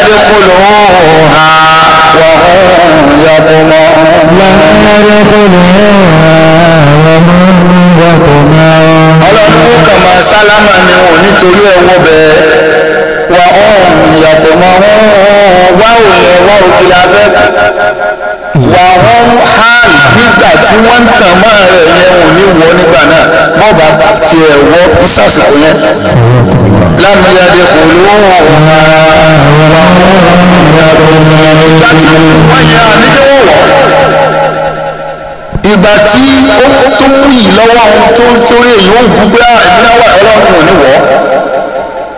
يدخلوها وهم يطمعون لا يدخلوها وهم يطمعون ọlọ́run kò kàn máa sálámà ni wọn nítorí ẹ̀wọ́ bẹ́ẹ̀ wà ọ̀hún yàtọ̀ mọ́ wọn wá òun ẹ̀wọ́ òkìlà bẹ́ẹ̀ wà wọ́n hàn nígbà tí wọ́n ń tàn máa rẹ̀ yẹn ò ní wọ́ nígbà náà mọ́ bá tiẹ̀ wọ́ sísàsìkò yẹn lámúyáde kò lóhùn ọ̀hún ara láti wáyé àníjẹ́wọ̀ wọ̀ ìgbà tí ó tó wù yìí lọ́wọ́ àwọn tó torí èyí ó ń gbúgbé àìníláwà ọlọ́run ò ní wọ̀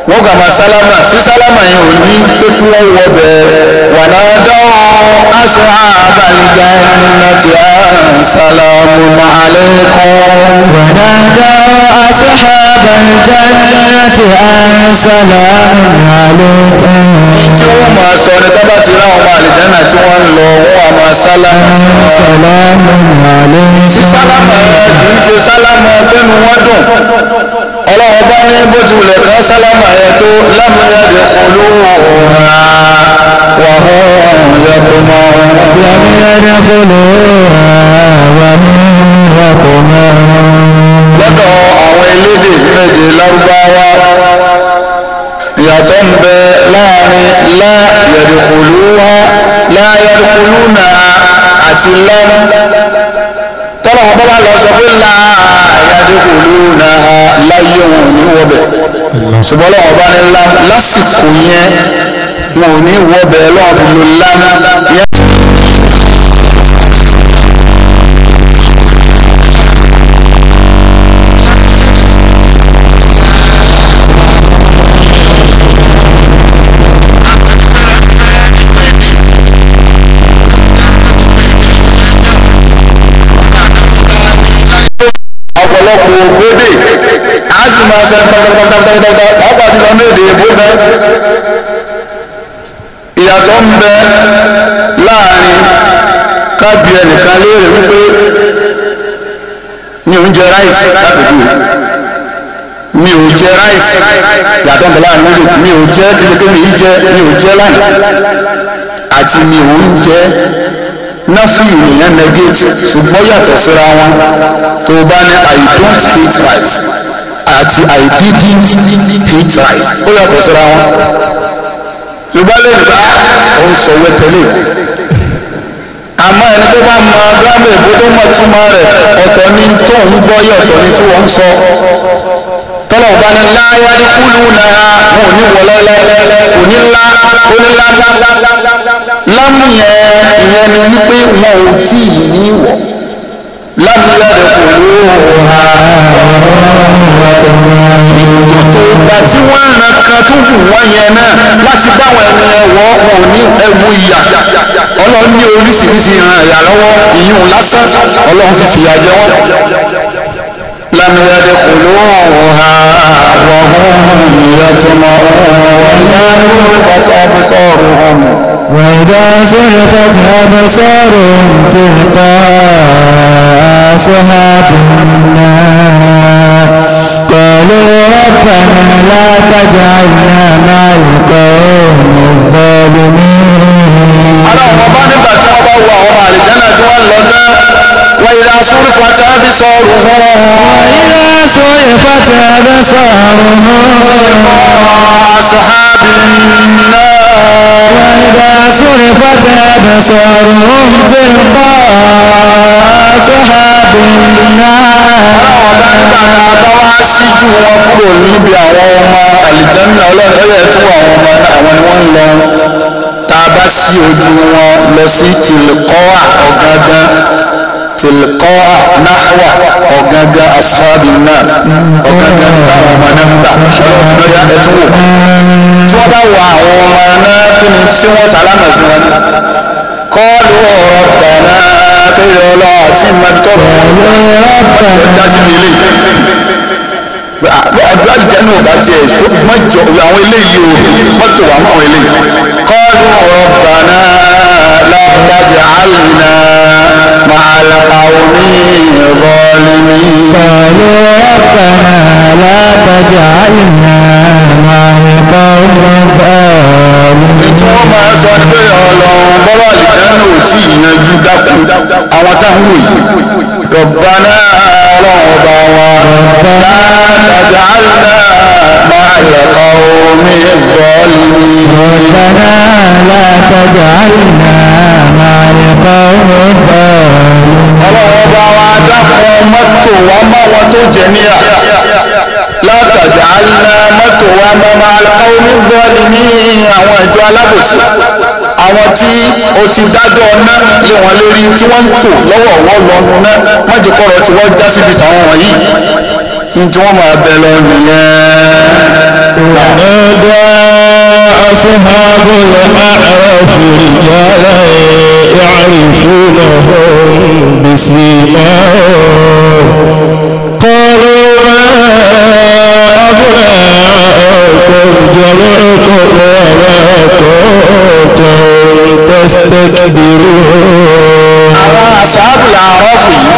wọ́n gbà máa sálámà tí sálámà yẹn ò ní pé kí wọ́n wọ bẹ́ẹ̀ wà náà dán aṣọ àbàlìjà ẹnìtì àṣàlámù alaykum. wà náà dán aṣọ àbàlìjà ẹnìtì àṣàlámù alaykum. tí wọ́n máa sọ ni tábà ti ráwọn ọmọ àlìjánà tí wọ́n ń lọ wọ́n á máa sálámà. àṣàlámù alaykum. tí sálámà kì í ṣe sálámà pẹ́nu wọ́n dùn ọlọ́run bá ní bó ti wulẹ̀ kan sálámà yẹn tó lámúyàdé olówó ha wà fún yàtọ̀mọ́. lámúyàdé olówó ha wà fún yàtọ̀mọ́. lọ́dọ̀ àwọn elédè méje lárúbáwá ìyàtọ̀ ń bẹ láàrin láyàdìkòlúwá láyàdìkòlúnà àti lám tọ́lá wọn bá lọ sọ pé láà. ṣùgbọ́n lọ́wọ́ bá ní ńlá lásìkò yẹn wọn ò ní wọ bẹ́ẹ̀ lọ́wọ́ fi lo ńlá yẹn. ọ̀pọ̀lọpọ̀ ògbódè a sì máa sẹ́ni tọ́tọ́tọ́tọ́tọ́tọ́ pàápàá jùlọ ní èdè èbó bẹ́ ìyàtọ̀ ń bẹ láàrin kábí ẹnìkan léèrè wípé mi ò ń jẹ ráìsì lápẹ̀jù mi ò jẹ ráìsì ìyàtọ̀ ń bẹ láàrin méjì mi ò jẹ kékeré mi ì jẹ mi ò jẹ lánàá àti mi ò ń jẹ nafiyu nìyẹn negate ṣùgbọ́n yàtọ̀ síra wọn tó o bá ní i don't eat rice àti I didn't eat rice ó yàtọ̀ síra wọn yorùbá lè bá ó ń sọ wẹ́tẹ́lẹ̀ àmọ́ ẹni tó bá mọ gírámà èbó tó mọ túmọ̀ rẹ̀ ọ̀tọ̀ ni tó ń gbọ́ yẹ ọ̀tọ̀ ni tí wọ́n ń sọ tọ́lọ̀ bá ní ńlá yáyí kúlù náà wọn ò ní wọ lẹ́lẹ́ kò ní ńlá ó ní ńlá lámù yẹn ìyẹn ni wípé wọn ò tí ì ní wọ̀ lábúlẹ̀ tí wọ́n ran kan tó kù wọ́n yẹn náà láti báwọn ẹni ẹ̀wọ́ wọn ò ní ẹ̀wù ìyà ọlọ́run ní oríṣiríṣi ìran ìyà lọ́wọ́ ìyún lásán ọlọ́run fi fìyà jẹ wọ́n. lábúlẹ̀ kòlóòhà wọ́n yẹ tó mọ̀ wọ́n yẹ kó pàtàkì sọ̀rọ̀ hàn. وإذا صرفت أبصارهم تلقاء أصحاب النار قالوا ربنا لا تجعلنا مع القوم الظالمين ọlọ́run ọba nígbà tí wọ́n bá wo àwọn àlìjánà tí wọ́n lọ ná wàyílá sórí fati abisọ́ọ̀rù hàn. wàyílá sórí fati abisọ́ọ̀rù hàn. tìlẹ̀kọ́ àṣàbí náà. وإذا صرفت أبصارهم تلقاء أصحاب النار síjú wọn kúrò níbi àwọn ọmọ àlìjánná ọlọ́run ẹ̀yẹ tó àwọn ọmọ náà àwọn ni wọ́n ń lọ tá a bá sí ojú wọn lọ sí tìlùkọ́wà ọ̀gángan tilqaa nahwa ọ̀gángan ashabi náà ọ̀gángan táwọn ọmọ náà ń gbà ọlọ́run ti lọ́yà ẹ̀ tún wò tí wọ́n bá wọ àwọn ọmọ náà kí ni tí wọ́n sálámà sí wọn kọ́ọ̀lù ọ̀rọ̀ bàná kéde ọlọ́run àti ìmọ̀tọ́rọ̀ ọ̀rọ̀ jásíbi ilé àjẹnú ọba tiẹ̀ ṣó mọ̀jọ àwọn eléyìí o mọ̀tò wà mọ̀ àwọn eléyìí kọ́ọ̀lù ọ̀rọ̀ bàná. ولا تجعلنا مع القوم الظالمين قالوا ربنا لا تجعلنا مع القوم الظالمين bọ́rọ̀ àlìjáná ò tí ì àwọn táwọn yìí rọ̀bánà ọlọ́run ọba wa látàjà àlùdá máa yọ̀kọ̀ omi bọ́ọ̀lì mi. rọ̀bánà látàjà àlùdá máa yọ̀kọ̀ omi wala tajalna mọ́tòwá mọ́mọ́ alqawmi zalimi àwọn ìjọ alábòsí àwọn tí o ti dájọ́ ọ̀nà lé wọn lórí tí wọ́n ń tò lọ́wọ́ ọ̀wọ́ lọ́nu náà májèkọ́rọ̀ tí wọ́n já síbi tàwọn wọ̀nyí ní tí wọ́n máa bẹ lọ nìyẹn. ọ̀nàdá aṣọ́hábùlà àràfù rìjálá يعرفونهم بسيماهم قالوا أجركم وما كنتم تستكبرون àwọn àṣàbù làárọ̀fù yìí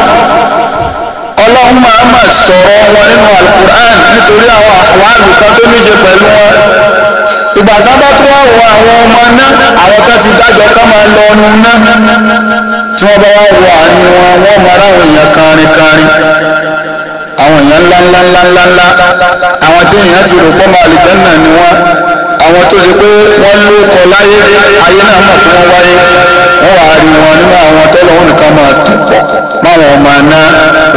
ọlọ́run máa mà sọ̀rọ̀ wọn nínú alukur'an nítorí àwọn àwàlù kan tó níṣe pẹ̀lú wọn ìgbà tá bá tún wá wo àwọn ọmọ náà àwọn tó ti dájọ́ ká máa lọ ọrùn náà tí wọ́n bá wá wo àárín wọn wọ́n mọ aráwọn èèyàn kanrinkanrin àwọn èèyàn ńlá ńlá ńlá ńlá ńlá àwọn tí èèyàn ti rò pọ́nmọ́ àlùjànnà ni wọ́n àwọn tó ṣe pé wọ́n ló kọ láyé ayé náà mọ̀ pé wọ́n wáyé wọ́n wàá rí wọn nínú àwọn tọ́lọ́wọ́n nìkan máa dùpọ̀ máwọn ọmọ àná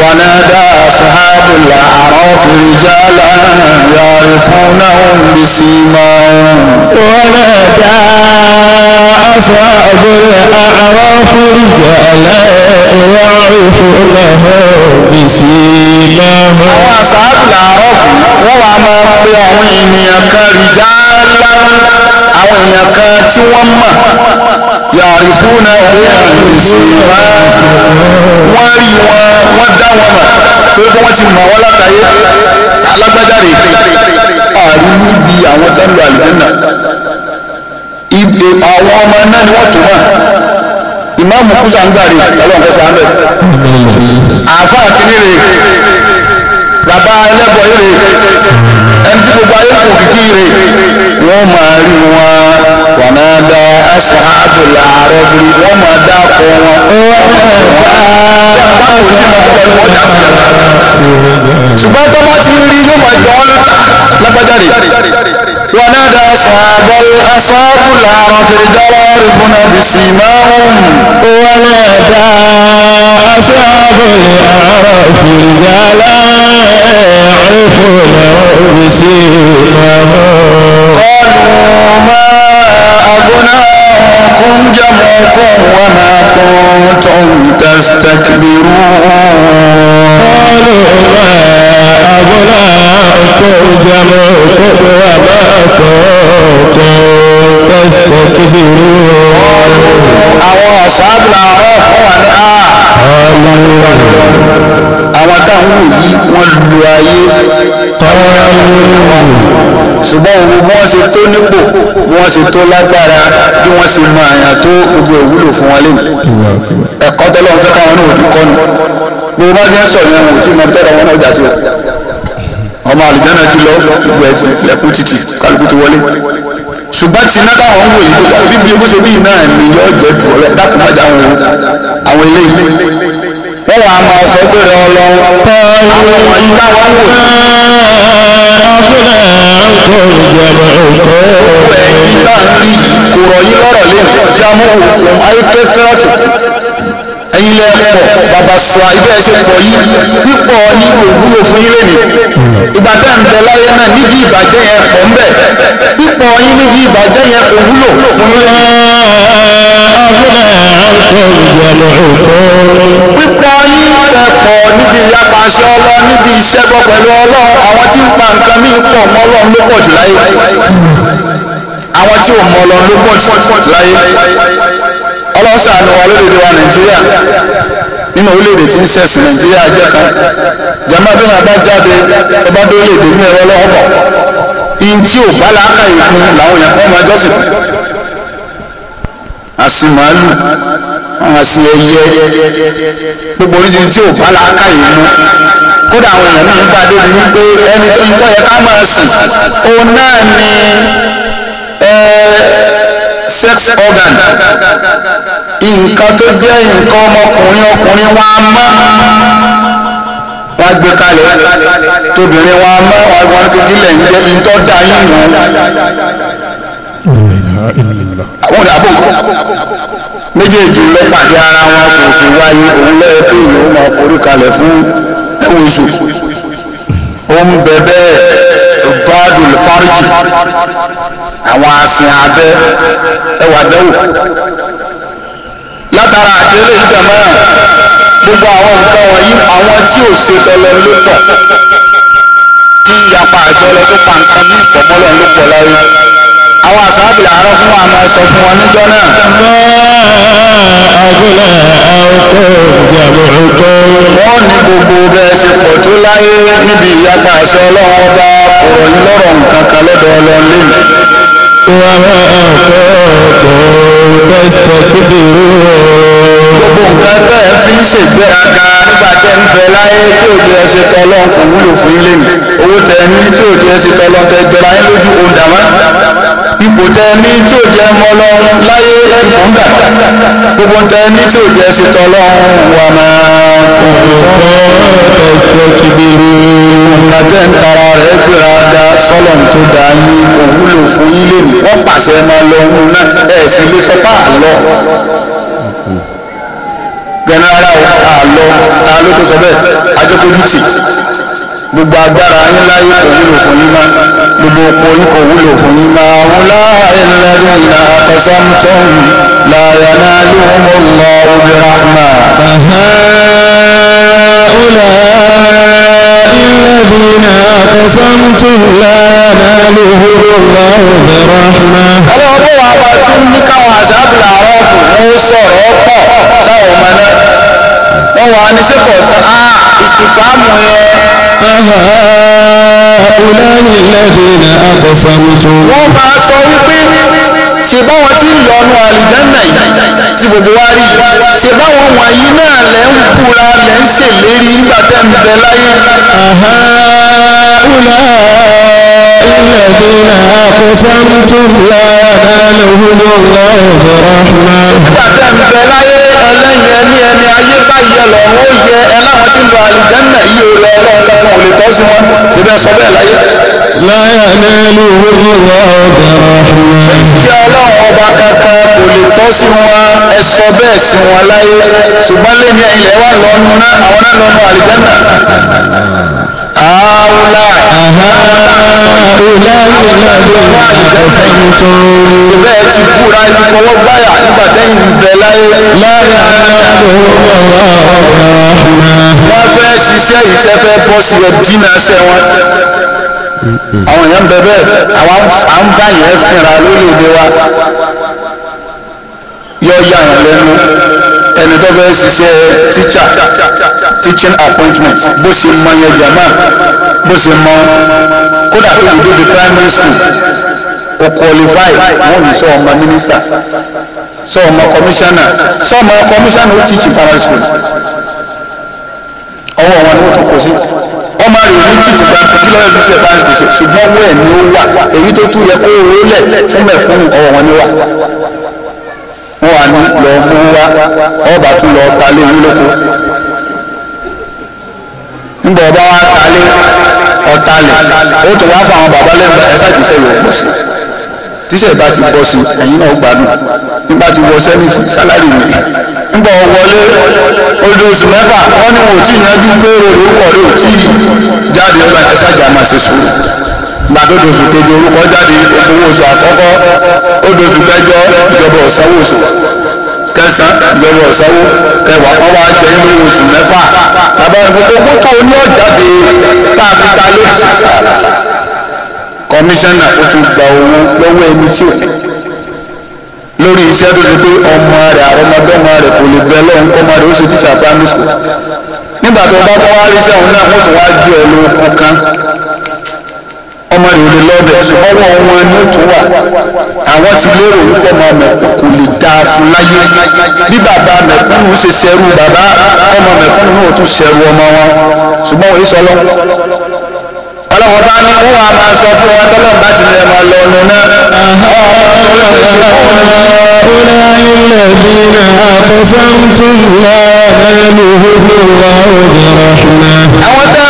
wọn náà dá aṣáábùlà àwọn fèrèjà láàyà ìfúnnáhùn bí sí máa ń. wọn náà dá aṣáábùlà àwọn fèrèjà láàyà ìfúnnáhùn bí sí máa ń àwọn àṣàbù làárọ̀fù wọ́n wàá máa ń pe àwọn ènìyàn kan rìjà ńlá àwọn èèyàn kan tí wọ́n mọ̀ yàrá fún náà wọ́n ìsìnkú wọ́n rí wọn wọ́n dá wọn mọ̀ pé wọ́n ti mọ̀ wọ́n látàyé alágbájáre àrí níbi àwọn tó ń lo àlùjẹ́ náà àwọn ọmọ náà ni wọ́n tó mọ̀ ìmáàmù kúsà ń gbàrí ọlọ́run kọ́ sàn bẹ́ẹ̀. àáfàá kìíní rè bàbá ẹlẹ́bọ̀ rè ẹni tí gbogbo ayé kò kìkì rè wọ́n máa rí wọn wọ́n máa dá aṣáájú làárọ̀ bí wọ́n máa dá kọ wọn. ṣùgbọ́n tó bá ti rí yóò máa jọ ọ́ lágbájá rè. ونادى أصحاب أصحاب العرف الجوارفون بسيماهم ونادى أصحاب العرف الجوارفون بسيماهم قالوا ما أغنى جمعكم جمعكم وما كنتم تستكبرون قالوا ما أغناكم جمعكم وما كنتم تستكبرون àwọn ọ̀ṣáàbù àárọ̀ fún wa ní àwọn táwọn wò yí ṣùgbọ́n òun bí wọ́n ṣe tó nípò bí wọ́n ṣe tó lágbára bí wọ́n ṣe mọ àyàn tó gbogbo ìwúlò fún wọn lẹ́nu ẹ̀kọ́ tọ́lọ́ fẹ́ káwọn náà òbí kọ́nu bí wọ́n bá ti ń sọ yẹn wò tí mo bẹ̀rẹ̀ wọn náà jà sí ọmọ àlùjáná ti lọ gbogbo ẹ̀ ti lẹ́kùn títì kálukú ti wọlé ṣùgbọ́n tí iná táwọn ń wò yìí bíbí bó ṣe bí iná ẹ̀mí yọ wà á máa sọ pé rẹ ọlọ́run. àwọn wọ̀nyí táwa ń wò yìí. gbogbo ẹ̀yin tá à ń rí kò rọ̀ yín lọ́rọ̀ lẹ́nu jámọ́ òkun ayé kẹsẹ́rọ̀tù ẹ̀yin lẹ́pọ̀ bàbá sọ àìbẹ́ ẹ ṣe pọ̀ yìí pípọ̀ yìí kò wúlò fún yín lónìí ìgbà tẹ́ ń bẹ láyé náà níbi ìbàjẹ́ yẹn pọ̀ ń bẹ pípọ̀ yín níbi ìbàjẹ́ yẹn kò wúlò fún yín pípọ̀ yín kẹpọ̀ níbi ìyapa aṣọ ọlọ níbi ìṣẹ́gbọ́ pẹ̀lú ọlọ́ àwọn tí ń pa nǹkan mí pọ̀ mọ́ ọlọ́run ló pọ̀ jù láyé àwọn tí ò mọ ọlọ́run ló pọ̀ jù láyé ọlọ́sàánú wa lórílẹ̀-èdè nàìjíríà nínú orílẹ̀-èdè tí ń sẹ̀sìn nàìjíríà jẹ́ kan jama bí wọn bá jáde tó bá dórílẹ̀ ní ẹ̀rọ lọ́wọ́ bọ̀ tí ò bá láàkà ìkun làwọn èèyàn kan máa jọ́sìn fún àsìmàálù àsì ẹyẹ gbogbo oríṣiríṣi tí ò bá láàkà ìkun kódà àwọn èèyàn náà ń bá débi wípé ẹni tó ń tọ́ yẹ ká máa sìn òun náà ni ẹ̀ẹ́ sex organ nǹkan tó jẹ́ nǹkan ọmọkùnrin ọkùnrin wa mọ́ wọ́n gbé kalẹ̀ tóbìnrin wa mọ́ wọn kékeré lẹ̀ ń jẹ́ ntọ́ da yín wọ́n. àwọn ìdàbò méjèèjì ló pàdé ara wọn kò fi wáyé òun lọ́yẹ̀ pé ìlú máa forí kalẹ̀ fún ẹ̀wọ̀n oṣù ó ń bẹ́ẹ̀ gbádùn fáríjì àwọn asin abẹ ẹwà dẹwò látara àdéhùn ìjọba gbogbo àwọn nǹkan wọ̀nyí àwọn tí ò ṣe tọlọ ló pọ̀ tí ìyapa àṣọlọ tó pa nǹkan ní ìtọ́mọ́lọ ló pọ̀ láyé àwọn àṣàbì àárọ̀ fún wa máa sọ fún wọn níjọ́ náà. àbúlé àwòkọ́ ìjàmbá ọkọ́. wọ́n ní gbogbo bẹ́ẹ̀ ṣe pọ̀ tó láyé níbi ìyapa àṣọ ọlọ́run ọba kọ̀rọ̀ lọ́rọ̀ nǹkan kan lọ́dọ̀ ọlọ́run lẹ́nu wàhálà àkọ́kọ́ bẹ́sítọ̀ tó dèrò. gbogbo nǹkan tẹ́ ẹ fi ń ṣègbéraga nígbà tẹ́ ń bẹ láyé tí òjò ẹ ṣe tọ́lọ́ kò wúlò fún yín lẹ́nu owó tẹ́ ẹ ní tí òjò ẹ ṣe tọ́lọ́ tẹ́ gbẹ́ra yín lójú òǹdàmọ́ ipò tẹ ní tí ò jẹ́ mọ́ lọ́run láyé ipò ń dà gbogbo tẹ ní tí ò jẹ́ ṣe tọ́ lọ́run wà máa kọ̀ọ̀tọ̀ kíbirú. kàtẹ́ ń tara rẹ̀ gbéra da sọ́lọ̀n tó da yín kò wúlò fún yín lè ní pàṣẹ máa lọ́run náà ẹ̀ sì lè sọ pé àlọ́ gẹ̀nà ta ló tó sọ bẹ́ẹ̀ ajọ́kọ̀ọ́jú tì gbogbo agbára yín láyé kò wúlò fún yín mọ́ gbogbo oko yín kò wúlò fún yín mọ́ àwọn láàyè lẹ́dí iná àkọsámtọ́n láyà náà ló ń mọ̀ lọ obì rahma. الذين أقسمتم لا ينالهم الله برحمة ọlọ́run wa bá tún ní káwọn àṣàbìlà àrọ́ọ̀fù wọ́n sọ̀rọ̀ pọ̀ sáwọn ọmọ náà wọ́n wà á ní sẹ́kọ̀ọ́ tán ah, ìsìfàmù yẹn هؤلاء الذين أقسمتم wọ́n máa sọ wípé ṣe báwọn tí ń lọ́nu àlìjánà yìí tí gbogbo wa rí ṣe báwọn wọ̀nyí náà lẹ́ ń búra lẹ́ ń ṣèlérí nígbà tẹ́ ń bẹ láyé. àhàlà ìlẹ̀dínà àkọsámtúmùlá àdánù húlọ́ọ̀lọ́ ọ̀bọ̀rọ̀ náà. nígbà tẹ́ ń bẹ láyé ẹlẹ́yìn ẹni ẹni ayé báyìí ẹlọ́run ó yẹ ẹ láwọn tí ń lọ àlìjẹ́nà yìí ó lọ ọlọ́run kankan ò lè tọ́ sí wọn ṣe bẹ́ẹ̀ sọ bẹ́ẹ̀ láyé. láyà ní ìlú ìwà ọ̀gá ọ̀fun. ìjẹ́ ọlọ́run ọba kankan kò lè tọ́ wọn ẹ sọ bẹ́ẹ̀ sí wọn láyé ṣùgbọ́n lẹ́ni ilẹ̀ wà lọ́nu náà àwọn náà lọ́nu àlìjẹ́nà àwùlà àwùlà àwùlà ẹ̀sẹ̀ntún. ṣùgbọ́n ẹ ti búra ẹni fọwọ́ gbáyà nígbà tẹ́yìn ń bẹ láyé. lára àbúrò wọn fẹ́ ṣiṣẹ́ ìṣẹ́ fẹ́ bọ́ sí ẹ̀ dínà ṣẹ́ wọn àwọn èèyàn bẹ bẹ́ẹ̀ àwọn à ń bá yẹn fínra lórílẹ̀‐èdè wa yọ ya yàn lẹ́nu ẹni tó fẹ́ ṣiṣẹ́ tíṣà teaching appointment bó ṣe mọ yẹn jàmá bó ṣe mọ kódà tó kù débi primary school kò qualify wọn ní sọ ọmọ minister sọ ọmọ commissioner sọ ọmọ commissioner ó teach primary school ọwọ́ wọn ni wọ́n tó kó sí wọ́n máa rí ní títí bá kí lọ́yẹ̀ ló ṣe bá ń gbèsè ṣùgbọ́n owó ẹ̀ ni ó wà èyí tó tún yẹ kó owó lẹ̀ fún mẹ̀kúnnù ọwọ́ wọn ni wà. wọ́n wá ní lọ mú ọba tún lọ talé nílòkó ńgbà ọba wa talé ọtalẹ̀ ó tún wá fún àwọn bàbá lẹ́nu ẹ̀sà tíṣẹ̀ yóò pọ̀ sí tíṣẹ̀ bá ti pọ̀ sí ẹ̀yin náà gbádùn nígbà tí wọ sẹ́mìsì sálárì mi ńgbà wọlé odò oṣù mẹ́fà wọ́n ní wọn ò tí ì yanjú pé orúkọ rẹ̀ ò tí ì jáde ọba ẹ̀sà jà máa ṣe sùúrù gbàdódò oṣù keje orúkọ jáde owó oṣù àkọ́kọ́ odò oṣù kẹjọ ìjọba ọ̀sánwó oṣù kẹsàn-án lọ́wọ́ ìsanwó kẹwàá wọn wá jẹ inú oṣù mẹ́fà bàbá ìgbòho tó ní ọ̀jáde tá a fi ta kọmíṣánná ó tún gba owó lọ́wọ́ ẹni tí ò lórí iṣẹ́ tó ti pé ọmọ rẹ̀ àrọ́mọdọ́mọ rẹ̀ kò lè bẹ́ẹ̀ lọ́hùn kọ́mọ rẹ̀ ó ṣe tíṣà primary school nígbà tó bá tún wá rí iṣẹ́ òun náà wọ́n tún wá gbé ọ lóko kan ọmọ rẹ̀ lè lọ́bẹ̀ ṣùgbọ́n wọn ni ó tún wà àwọn ti lérò wípé ọmọ mẹ̀kún kò lè dáa fún láyé bí bàbá mẹ̀kúnnù ṣe ṣẹrú bàbá ọmọ mẹ̀kúnnù ò tún ṣẹrú ọmọ wọn ṣùgbọ́n òye sọlọ́ ọlọ́wọ́ bá ní wọ́n a máa sọ fún wa tọ́lọ́ bá ti lè máa lọ nù náà. أولئك الذين أقسمتم لا نالهم الله برحمة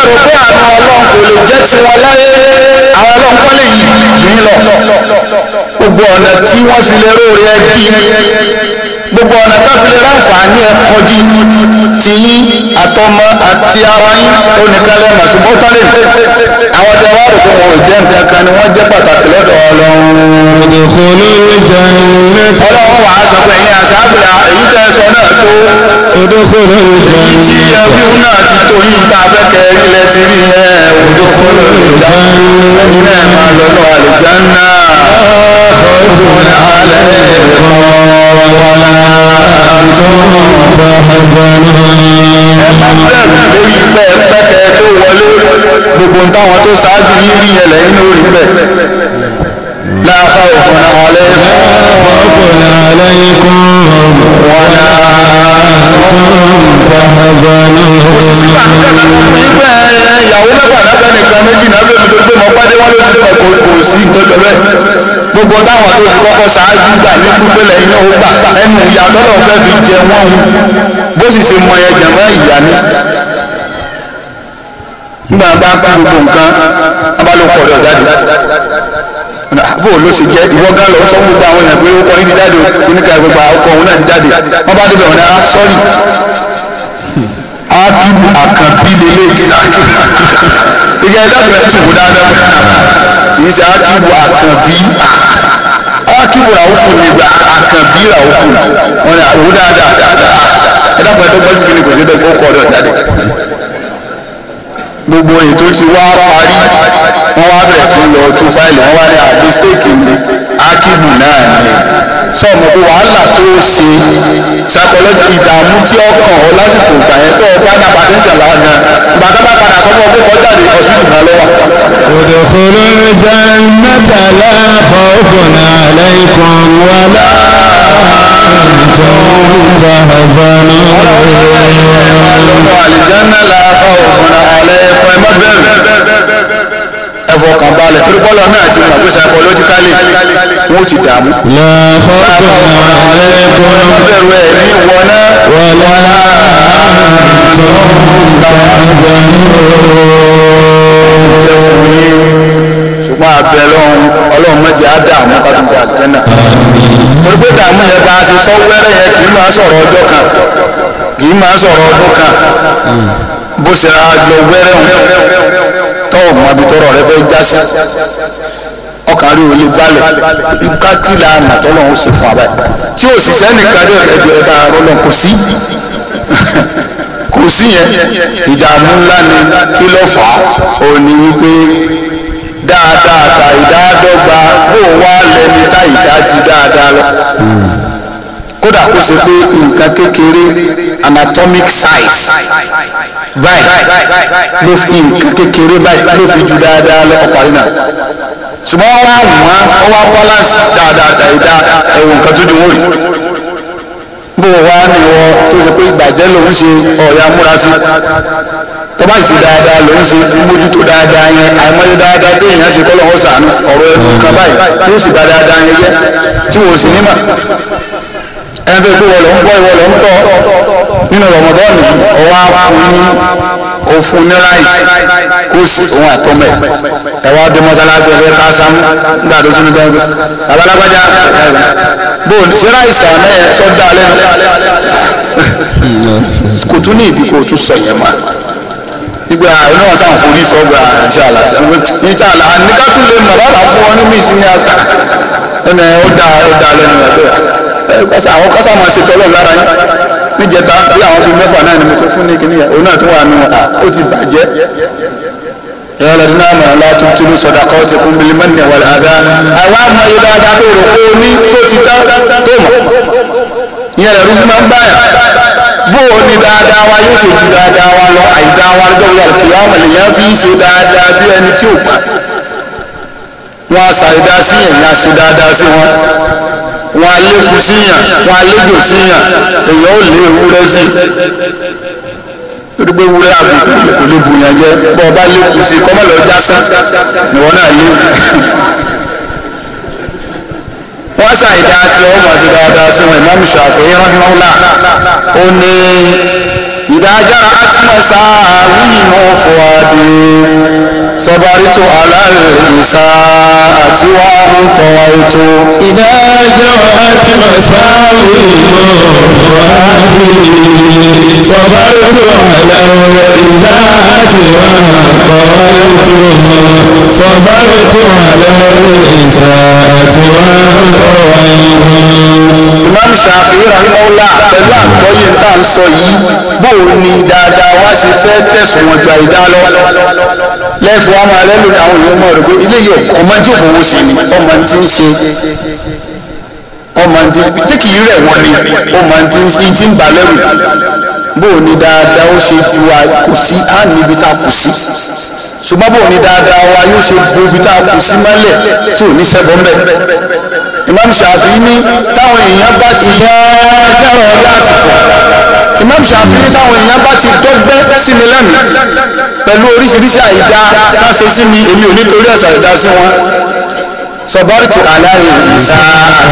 rò pé àánú ọlọ́run kò lè jẹ́ tiwọn láyé àwọn ọlọ́run kọ́ lè yí yín lọ gbogbo ọ̀nà tí wọ́n fi lè róore ẹ di gbogbo ọ̀nà táfi lè ráǹfààní ẹ kọjú ti yín àtọmọ àti ara yín oníkálẹ̀ màṣú bọ́tálẹ̀ àwọn tí wàá rò pé wọn ò jẹ́ nǹkan kan ni wọ́n jẹ́ pàtàkì lọ́dọ̀ ọlọ́run. òdòkòló jẹ́ mẹ́ta. ọlọ́run wàá sọ pé ẹ̀yin àṣàbìlà èyí tẹ́ sọ náà tó. òdòkòló jẹ́ mẹ́ta. tí ẹ náà ti tó yín tá a fẹ́ kẹ́ ẹ nílẹ̀ ti rí ẹ òdòkòló jẹ́ ẹ̀yin náà máa lọ́nà àlùjá náà. أنتم تحزنون lórí pẹ́ pẹ́kẹ́ tó wọlé gbogbo táwọn tó ṣáájú yín rí yẹn lẹ́yìn lórí pẹ́ láàbà òkun alẹ́ òkun alẹ́ kún wọn àtúntò tàbí. òṣìṣẹ́ àgbẹ̀rẹ̀ ló pín pẹ́ ìyàwó mẹ́fà lábẹ́ nìkan méjì náà lómi tó gbé mọ́ pàdé wọn ló ti pẹ̀ kò sí ìtọ́jọ́ bẹ́ẹ̀ gbogbo táwọn tó ti kọ́kọ́ ṣáájú gbà ní pípẹ́lẹ̀ iná ó gbà ẹnu ìyá tọ́lọ̀ fẹ́ fi jẹ wọ́n hun bó sì ṣe mọ ẹ̀jẹ̀ mọ́ ìyá ni. nígbà bá gbogbo nǹkan abálòpọ̀ rẹ̀ jáde bó ló ṣe jẹ ìwọ gán lọ sọ gbogbo àwọn èèyàn pé ó kọ yín ti jáde oníkà gbogbo àwọn ọkọ òun náà ti jáde wọn bá débẹ̀ wọn ni á ah, sọ́ọ̀rì akibu akabi lele kisa akibu ìgbà ẹ̀dá tó ẹ̀ tó wò dáadáa yìí sẹ akibu akabi akibu làwọn fún mi gba akabi làwọn fún mi wọn ni àwò dáadáa ẹ̀dá kan ẹ̀ tó gbọ́ sí kí ni kò sí bẹ́ẹ̀ gbogbo ètò ti wá parí wọ́n wá bẹ̀rẹ̀ tó lọ tú fáìlì wọ́n wá ní àbístéèkì ni ákìbù náà ni sọ̀mù pé wàhálà tó ṣe psychology ìdààmú tí ó kàn lásìkò ìgbà yẹn tó o bá dá pàtẹ́ǹtì àlá gan bàtà bá padà sọ́kọ́ pé kọ́ jáde ọ̀sùn ìgbà lọ́wọ́. òdòkòrò ìjà mẹ́tàlá fọ́ọ̀fọ̀n àlẹ́kùn wàlá ìjọ ìjà àzánú. ọlọ́run bá yẹ ká lọ́wọ́ àlìjánná la fọ́ọ̀fọ̀n àlẹ́kùn ẹ má bẹ̀rù ẹ fọkàn balẹ̀ torí bọ́lá náà ti mọ̀ pé psychologically wọ́n ti dààmú. lọ́kọ́ tó máa lé kún. ẹ má bẹ̀rù ẹ ní ìwọ náà. wọlé tó ń bá ọgbẹ́ jẹ́ ṣùgbọ́n abẹ lọ́hún ọlọ́run mẹ́jẹ á dààmú kátó fún àjẹ́nà. torí pé dààmú yẹn bá a ṣe sọ wẹ́rẹ́ yẹn kì í máa sọ̀rọ̀ ọjọ́ kan kì í máa sọ̀rọ̀ ọdún kan bó ṣe ra lọ wẹ́rẹ́hùn tọ́wọ̀ mọ ibi tọ́rọ̀ rẹ fẹ́ já sí ọkàn rí olè balẹ̀ kákìlà àmàtọ́lọ́ ń ṣe fún abẹ́ tí òṣìṣẹ́ nìkan ní ọ̀dẹ́gbẹ́ ẹ bá rọlọ́ kò sí kò sí yẹn ìdààmú ńlá ni kí ló fà á òní wípé dáadáa ta ìdádọ́gba bó wá lẹni tá ìdájú dáadáa lọ kódà kó ṣe pé nǹkan kékeré anatomic size báyìí ló fi nǹkan kékeré báyìí ló fi ju dáadáa lọ ọparí náà ṣùgbọ́n wọ́n wá wọ́n wọ́n wá balance dáadáa dáadáa ẹ̀wọ̀n nǹkan tó di wọ́n rí bó wá ní wọ tó ṣe pé ìbàjẹ́ ló ń ṣe ọ̀ya múra sí tọ́ba sì dáadáa ló ń ṣe mójútó dáadáa yẹn àìmọye dáadáa tó èèyàn ṣe kọ́ lọ́wọ́ sànú ọ̀rọ̀ ẹ̀kọ́ kan báyìí yóò sì bá dáadáa yẹn jẹ́ tí wò sì ní mà ẹni tó kú wọlé ń gbọ́ ìwọlé ń tọ́ nínú rọmọdọ́ọ̀nì ọwọ́ afun ní òfun ní ráìsì kó sì òun àtọ́mẹ̀ ẹ̀wá dé mọ́sálásí ẹ̀fẹ́ ká sámú nígbà tó sínú dánwó babalágbájá bóun ṣé ráìsì àná ẹ̀ sọ́dọ̀ alẹ́ nu kò tún ní ìdí kò tún sọ yẹn mọ́ igba iná wọn sàn fún ìsọgbà ìṣàlà ìṣàlà àníkàtúndé nàbàbà fún ọ ní mí sí ní ata ẹnẹ ó dá ó dá lẹ́nu ẹ̀ bẹ́ẹ̀ àwọn kásá máa ṣe tọ́lọ̀ lára yín níjẹta bí àwọn bíi mẹ́fà náà ni mo tún fún ní kíní òun náà tún wà nù à ó ti bàjẹ́ ìyá ọlọ́dún náà mọ̀ ọ́nà tó tún sọ̀dà kọ́ ti kún bíi mẹ́rin wà láàdá àwa mọ iye dáadáa tó rò pé o ní tó ti tán tó mọ̀ ìyẹn ẹ̀rú fún máa ń báyà bó o ní dáadáa wa yóò ṣe ju dáadáa wa lọ àìdáa wa lọ́jọ́ wíwá kí á mọ̀ lèyàn fi ṣe dáadáa bí ẹni tí wọn a ṣàìdá sí ẹ̀yìn a ṣe dáadáa sí wọn wọn alẹ́kùn síyàn wọn alẹ́jọ síyàn èèyàn ò lé ewúrẹ́ sí torí pé ewúrẹ́ àbùkù kò lè bùyàn jẹ bọ́ ọba lẹ́kùn sí kọ́mọ́ lọ jásá ìwọ náà lé wọ́n ṣàìdá sí ọmọ sí dáadáa sí wọn ìmọ̀ mùsàfẹ́ rahimahullah ó ní ìdájà àtúmọ̀sá wíìmù fúadé sọbarítù aláìsá àti wàhùn tọwa ètò. ìdájà àtúmọ̀sá wíìmù fúadé sọbarítù aláìsá àti wàhùn tọwa ètò. sọbarítù aláìsá àti wàhùn tọwa ètò. imam shafi rahimahullah pẹ̀lú àgbọ́yé tá à ń sọ yìí bó bóò ni dáadáa wá ṣe fẹ́ tẹ̀sùn wọn ju àìdá lọ lẹ́fọ̀ wa máa lẹ́nu àwọn èèyàn mọ̀ rẹ̀ pé ilé yìí ọkọ̀ máa jó fowó sí ni ọmọ ti ń ṣe ọmọ ti tí kì í rẹ̀ wọ́n ni ọmọ ti ń ti ń balẹ̀ rù bóò ni dáadáa ó ṣe ju àkù sí á níbi tá a kù sí ṣùgbọ́n bóò ni dáadáa wa yóò ṣe bu ibi tá a kù sí mọ́lẹ̀ tí ò ní sẹ́bọ̀ ń Imam Shafi ní táwọn èèyàn bá ti yá ẹ̀rọ lásìkò Imam Shafi ní táwọn èèyàn bá ti dọ́gbẹ́ sí mi lẹ́nu pẹ̀lú oríṣiríṣi àìdá tá ṣe sí mi èmi ò nítorí ẹ̀sà àìdá sí wọn sọ̀bọ́rìtì aláyè ìsá àwa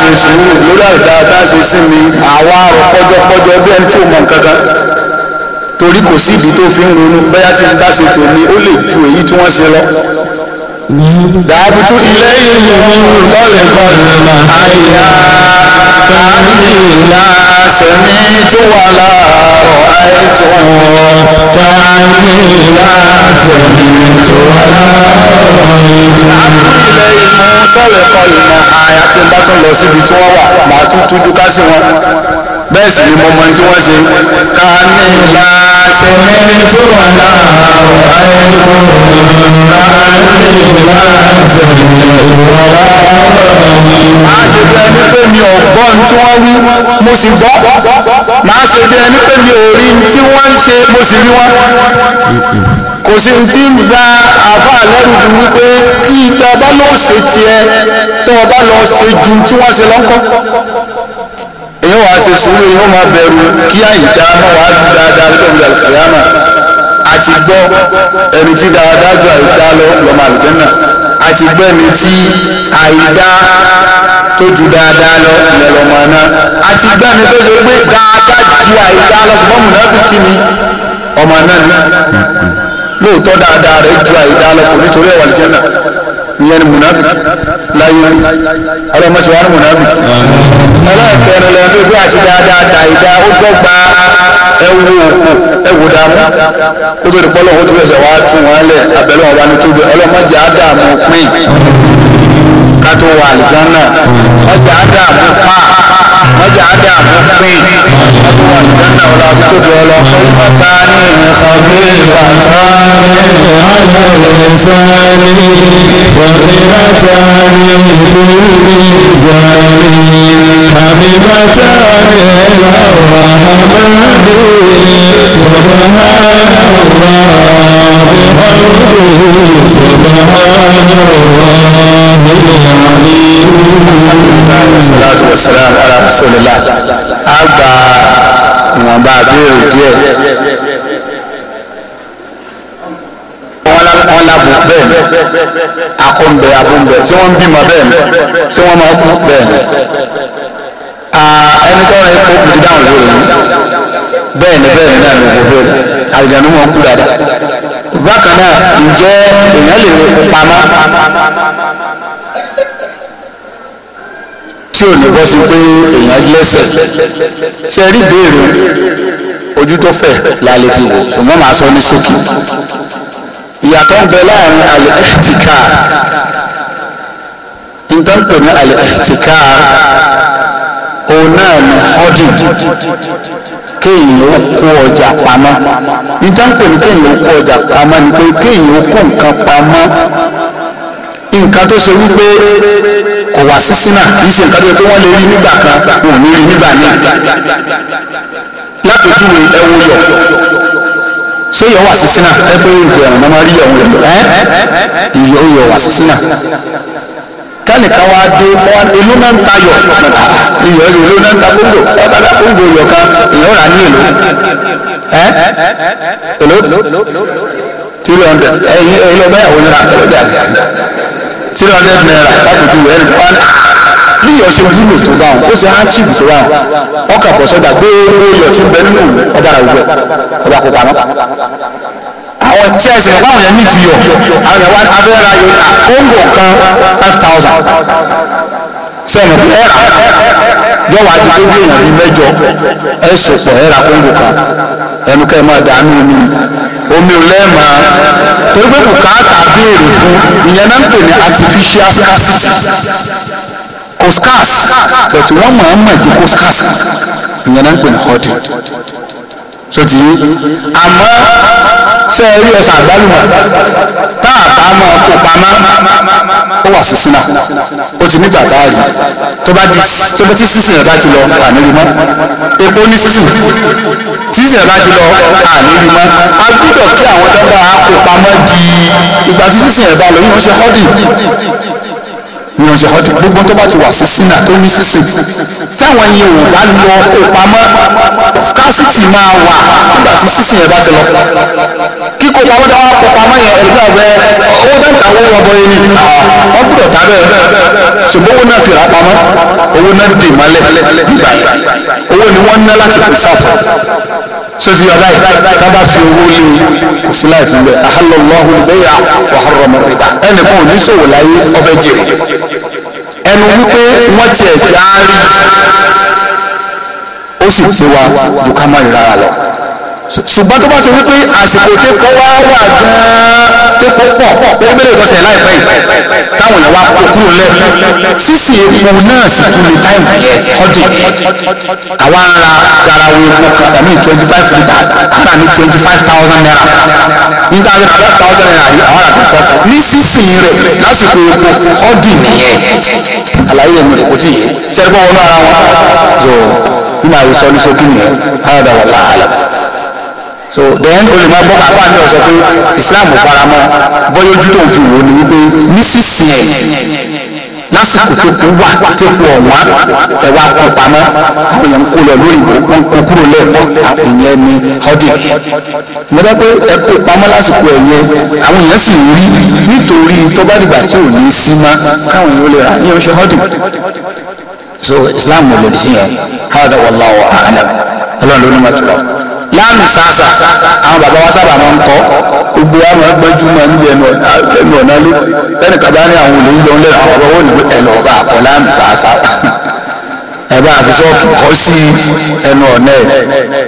ṣe sùúrù lórí àìdá tá a ṣe sí mi àwa rò pọ́jọ́pọ́jọ́ bí ẹni tí ò mọ̀ nǹkan kan torí kò sí ìdí tó fi ń ronú bóyá tí n bá ṣe tèmi ó lè ju èyí tí wọ́n ṣe lọ dàbùtù lẹ́yìn mímú kọ́lẹ̀ kọ́lẹ̀ mà àyà àmìlà sẹ̀mí tó wà láàárọ̀ àìtọ́ àmìlà sẹ̀mí tó wà láàárọ̀ àìtọ́. dàbùtù lẹ́yìn mímú kọ́lẹ̀ kọ́lẹ̀ mà àyà tí n bá tún lọ síbi tí wọ́n wà màá tún tújú ká sí wọn bẹ́ẹ̀ sì ni mo mọ tí wọ́n ṣe. kàmílà sẹ́mẹ́ntò aláwọ̀ àìkú kàmílà sẹ́mẹ́ntò aláwọ̀. a ṣe bí mi ò gbọ́ ní tí wọ́n wí mo ṣe bí ẹni pé mi ò rí ní tí wọ́n ń ṣe mo sì rí wọn kò sí ti ń gba àfa lẹ́nu ju wípé kí ìta bá lọ́ọ́ ṣe tiẹ̀ tọ́ ọ bá lọ́ọ́ ṣe ju tí wọ́n ṣe lọ́kọ́ èyí wàá ṣe sùúrù yìí wọ́n máa bẹ̀rù kí àyíká mọ̀ wá ju dáadáa lọ́jọ́ ìgbà kìyàmà àti gbọ́ ẹni tí dáadáa ju àyíká lọ lọ́mọ àlùjẹ́nà àti gbọ́ ẹni tí àyíká tó ju dáadáa lọ ilẹ̀ lọ́mọ àná àti gbọ́ ẹni tó ṣe pé dáadáa ju àyíká lọ ṣùgbọ́n mùnàfíkì ni ọmọ náà ni lóòótọ́ dáadáa rẹ̀ ju àyíká lọ kò nítorí ẹ̀wà àlùjẹ́nà ìyẹn ni munafiki láyé ọlọmọsíwá ni munafiki ẹlẹ́ẹ̀kẹrin lẹ́yìn tó gbé àti dáadáa ta ìdá ó dọ́gba ẹwù òkú ẹwù dààmú ó tó di pọ́lọ́wọ́ tó fẹsẹ̀ wá tún wọn lẹ̀ abẹ́lẹ́ wọn bá ní tóbi ọlọmọdé ká wà àlùjánà ọjà ádámù pa ọjà ádámù pé ọdún wà àlùjánà ọ̀la títóbi ọlọ ọ̀pọ̀ ta ní ìfàmì ìfàtà àyàlẹ̀ sáni wàmíbàtà ní ìfúnni ìzàní àmìbàtà ní ẹ̀là wàhámàdé. wasalam ala rasulillah a gba ìwọ̀nba abéèrè díẹ̀ wọn labu bẹ́ẹ̀ akóńbẹ abóńbẹ tí wọ́n ń bímọ bẹ́ẹ̀ tí wọ́n máa kú bẹ́ẹ̀ ẹni tó rẹ kó kùtù dáhùn wò lóyún bẹ́ẹ̀ ni bẹ́ẹ̀ ni náà ló wò bẹ́ẹ̀ àlùjáde wọn kú dáadáa bákan náà ǹjẹ́ èèyàn lè pamọ́. ò ní bọ́ sí pé èèyàn lẹ́sẹ̀ ṣe rí béèrè ojú tó fẹ̀ la lè fi wò ṣùgbọ́n màá sọ ní ṣókí ìyàtọ̀ ń bẹ láàrin al-ihtikar nǹkan pè ní al-ihtikar òun náà ní hoarding kéèyàn ó kó ọjà pamọ́ nǹkan pè ní kéèyàn ó kó ọjà pamọ́ ni pé kéèyàn ó kó nǹkan pamọ́ nǹkan tó ṣe wípé kò wá sí sínà kì í ṣe nǹkan tó yẹ pé wọ́n lè rí nígbà kan wọn ò ní rí nígbà míì lápèjúwe ẹ wo yọ ṣé yọ wà sí sínà ẹ pé ìgbà ẹ̀rùn náà máa rí yọ̀ wọ̀nyí ẹ ìyọ yọ wà sí sínà kánìkan wá dé wọn ìlú náà ń ta yọ iyọ̀ ìlú náà ń ta kóńgò ọ̀tàdà kóńgò yọ̀ kan ìyọ̀ rà ní èlò ẹ èlò two hundred ẹ ìlú ọmọ ìyàwó yẹn rà tẹ̀lé jáde three hundred naira lápòjú ẹnì kan wá ní iyọ̀ ṣe wúlò tó bá wọn ó ṣe áńtìbù tó bá wọn ọkà bọ̀ sọ́dà gbogbo iyọ̀ tí ń bẹ nínú ọba àwùjọ ọba kópa náà àwọn chairs ẹ̀ fáwọn yẹn ní ti yọ àwọn yẹn wá abẹ́rẹ́ ayò kóńgò kan five thousand sẹ́nu pé ẹ̀rà yọ̀wá di gbogbo èèyàn bíi mẹ́jọ ẹ̀ sọ̀pọ̀ ẹ̀rà kóńgò kan ẹnu kẹ́ máa dànù omi omi ò lẹ́ẹ̀ma torí pé bùkátà béèrè fún ìyẹn náà ń pè ní artificial scarcity kò scarce but wọ́n máa ń mọ̀ ju kò scarce ìyẹn náà ń pè ní hoarding so ti yí àmọ́ ṣe rí ọsàn àgbálùmọ̀ tá a mọ kó pamọ́ ó wà sísìnà ó ti nígbà tá a rí tó bá di tó bá ti sísìn rẹ̀ bá ti lọ àní rí mọ́ epo ní sísìn sísìn bá ti lọ àní rí a gbọ́dọ̀ kí àwọn dábàá kó pamọ́ di ìgbà tí sísìn rẹ̀ bá lọ yìí wọ́n ṣe họ́dì ní ọ̀sẹ̀ ọ̀tí gbogbo tó bá ti wà sí sínà tó ní sísè táwọn yẹn ò bá lọ òpamọ́ scarcity máa wà nígbà tí sísè yẹn bá ti lọ kíkó pamọ́ dáwọ́ kó pamọ́ yẹn ẹ̀gbọ́n ọ̀bẹ owó dáńtà owó wọ́n yẹn ni wọ́n gbọ́dọ̀ tá bẹ́ẹ̀ ṣùgbọ́n owó náà fi rà pamọ́ owó náà dè mọ́lẹ̀ nígbà yẹn owó ni wọ́n ná láti pèsàfù sójú yàrá yìí tábà fi owó lé e, kò sí láì fún bẹ́ẹ̀ ahalọ́láhu bẹ́yà wàhálọ́mọ rìbá ẹnì kan ò ní ṣòwò láyé ọbẹ̀ jèrè ẹnu wípé wọ́n tiẹ̀ já ó sì ti wa dùkámọ́ ìrara lọ ṣùgbọ́n tó bá ṣe wípé àsìkò tẹ́kọ̀ wá wà gan-an tẹ́kọ̀ pọ̀ torí mélòó tó ṣe láìpẹ́ yìí táwọn èèyàn wá kó kúrò lẹ́ẹ̀ sísìn epo náà sì tún lè táìmù yẹn kọ́dé àwa ń ra garawo epo kan tàbí twenty five litres ara ní twenty five thousand naira nígbà tí twelve thousand naira yìí àwọn àti twelve thousand ní sísìn rẹ̀ lásìkò epo kọ́dé nìyẹn àlàyé yẹn mi kò tí yẹ tẹ́lẹ̀ bọ́ ara wọn so bí màá sọ ní sókè nìyẹn so then olùmọ̀ bọ́ ká wà ní ọ̀sẹ̀ pé Islam faramọ́ bọ́yá ojú tó ń fi wò ni wípé nísinsìnyí lásìkò tó kú wá tó kú ọ̀wọ́n ẹ̀ wá kú pamọ́ àwọn èèyàn ń kó lọ lóyìnbó wọn kó kúrò lẹ́ẹ̀kọ́ ìyẹn ni ọdí. mo dá pé ẹ kó pamọ́ lásìkò ẹ̀yẹ àwọn èèyàn sì ń rí nítorí tó bá dìgbà tí ò ní sí mọ́ káwọn èèyàn lè rà ní oṣù ọdí. so Islam lòdì sí yẹn hádà wàlláhu àlàm ọlọ́run ló ní ma jùlọ láàmì sáàsà àwọn bàbá wa sábà máa ń kọ́ gbogbo wa máa ń gbẹ́jú máa ń bí ẹnu ọ̀nà ẹnu ọ̀nà ló lẹ́nu kaba ní àwọn olè ń lọ lẹ́nu àwọn bàbá wọn ẹ lọ bá àkọ́ láàmì sáàsà ẹ bá àfisọ́ọ̀kì kọ́ sí ẹnu ọ̀nà ẹ